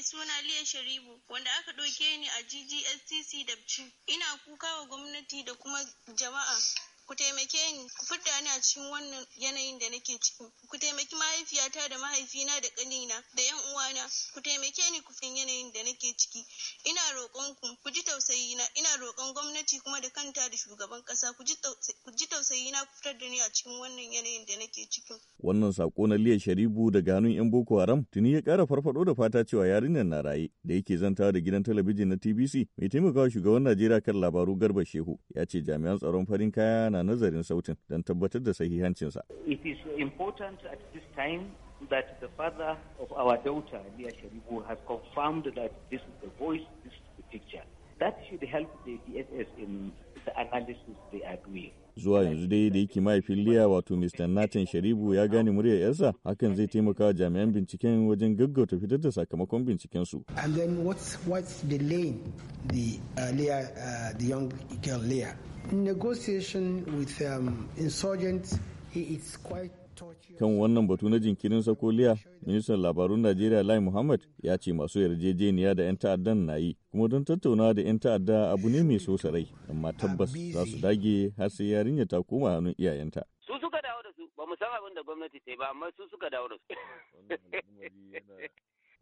mai suna Liya Sharibu wanda aka ɗauke ni a GGSTC Dabci. Ina kuka wa gwamnati da kuma jama'a ku taimake ni ku fidda ni a cikin wannan yanayin da nake ciki ku taimaki mahaifiyata da mahaifina da ƙanina da yan uwana ku taimake ni ku fin yanayin da nake ciki ina roƙon ku ku ji tausayina ina roƙon gwamnati kuma da kanta da shugaban ƙasa ku ji tausayina ku fitar da ni a cikin wannan yanayin da nake ciki wannan sako na Liya Sharibu da ganun yan Boko Haram tuni ya ƙara farfado da fata cewa yarinyar na raye da yake zantawa da gidan talabijin na TBC mai taimakawa shugaban Najeriya kan labaru Garba Shehu ya ce jami'an tsaron farin kaya na suna nazarin sautin don tabbatar da sahihancinsa. It is important at this time that the father of our daughter, Lia Sharibu, has confirmed that this is the voice, this is the picture. That should help the DSS in the analysis they are doing. Zuwa yanzu dai da yake mahaifin Liya wato Mr. Nathan Sharibu ya gane muryar yarsa hakan zai taimaka wa jami'an binciken wajen gaggauta fitar da sakamakon bincikensu. And then what's, what's lane the uh, Leah, uh, the young girl Leah. Negotiation with um, insurgents it's quite Kan wannan batu na jinkirin sakoliya, ministan labarun Najeriya Lai Muhammad ya ce masu yarjejeniya da 'yan ta'addan na yi, kuma don tattaunawa da 'yan ta'adda abu ne mai so sarai, amma tabbas za su dage har sai yarinya ta koma hannun iyayenta. Su suka dawo da su, ba mu san abin da gwamnati ta yi ba, amma su suka dawo da su.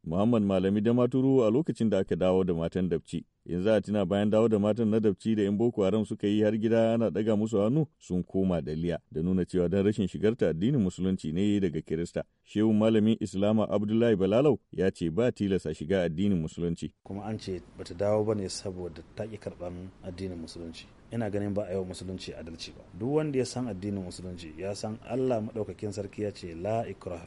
Muhammad Malami da Maturu a lokacin da aka dawo da matan Dabci. In za a tuna bayan dawo da matan na Dabci da in Boko Haram suka yi har gida ana daga musu hannu sun koma daliya da nuna cewa don rashin shigarta addinin musulunci ne daga Kirista. Shehu Malamin Islama Abdullahi Balalau ya ce ba tilasa shiga addinin musulunci. Kuma an ce bata dawo ba ne saboda ta ƙi karɓan addinin musulunci. ina ganin ba a yau musulunci adalci ba duk wanda ya san addinin musulunci ya san Allah maɗaukakin sarki ya ce la ikraha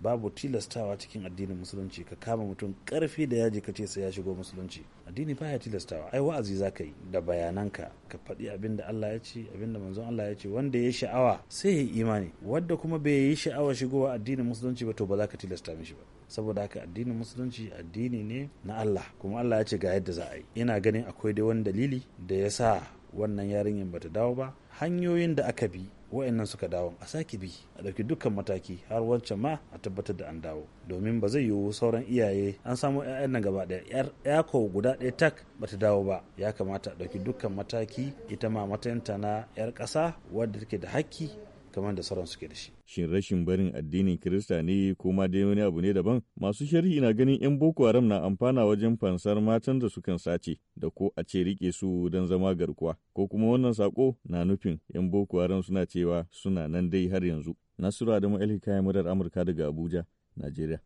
babu tilastawa cikin addinin musulunci ka kama mutum karfi da yaji ka ce sai ya shigo musulunci addini ba ya tilastawa ai wa'azi za ka yi da bayananka ka faɗi abin da Allah ya ce abin da manzon Allah ya ce wanda ya sha'awa sai ya yi imani wanda kuma bai yi sha'awa shigowa addinin musulunci ba to ba za ka tilasta mishi ba saboda haka addinin musulunci addini ne na Allah kuma Allah ya ce ga yadda za a yi ina ganin akwai dai wani dalili da ya sa wannan yarinyar bata dawo ba hanyoyin da aka bi wayannan suka dawo a sake bi a ɗauki dukkan mataki har wancan ma a tabbatar da an dawo domin ba zai yiwu sauran iyaye an samu 'ya'yan nan gaba ɗaya ya ko guda ɗaya tak bata dawo ba ya kamata a ɗauki dukkan mataki ita ma matayanta na 'yar ƙasa wadda take da hakki kamar da sauran suke da shi. Shin rashin barin addinin Kirista ne ko ma dai wani abu ne daban? Masu sharhi na ganin 'yan Boko Haram na amfana wajen fansar matan da sukan sace da ko a ce rike su don zama garkuwa. Ko kuma wannan sako na nufin 'yan Boko Haram suna cewa suna nan dai har yanzu. Nasiru Adamu Elhikaya Murar Amurka daga Abuja, Najeriya.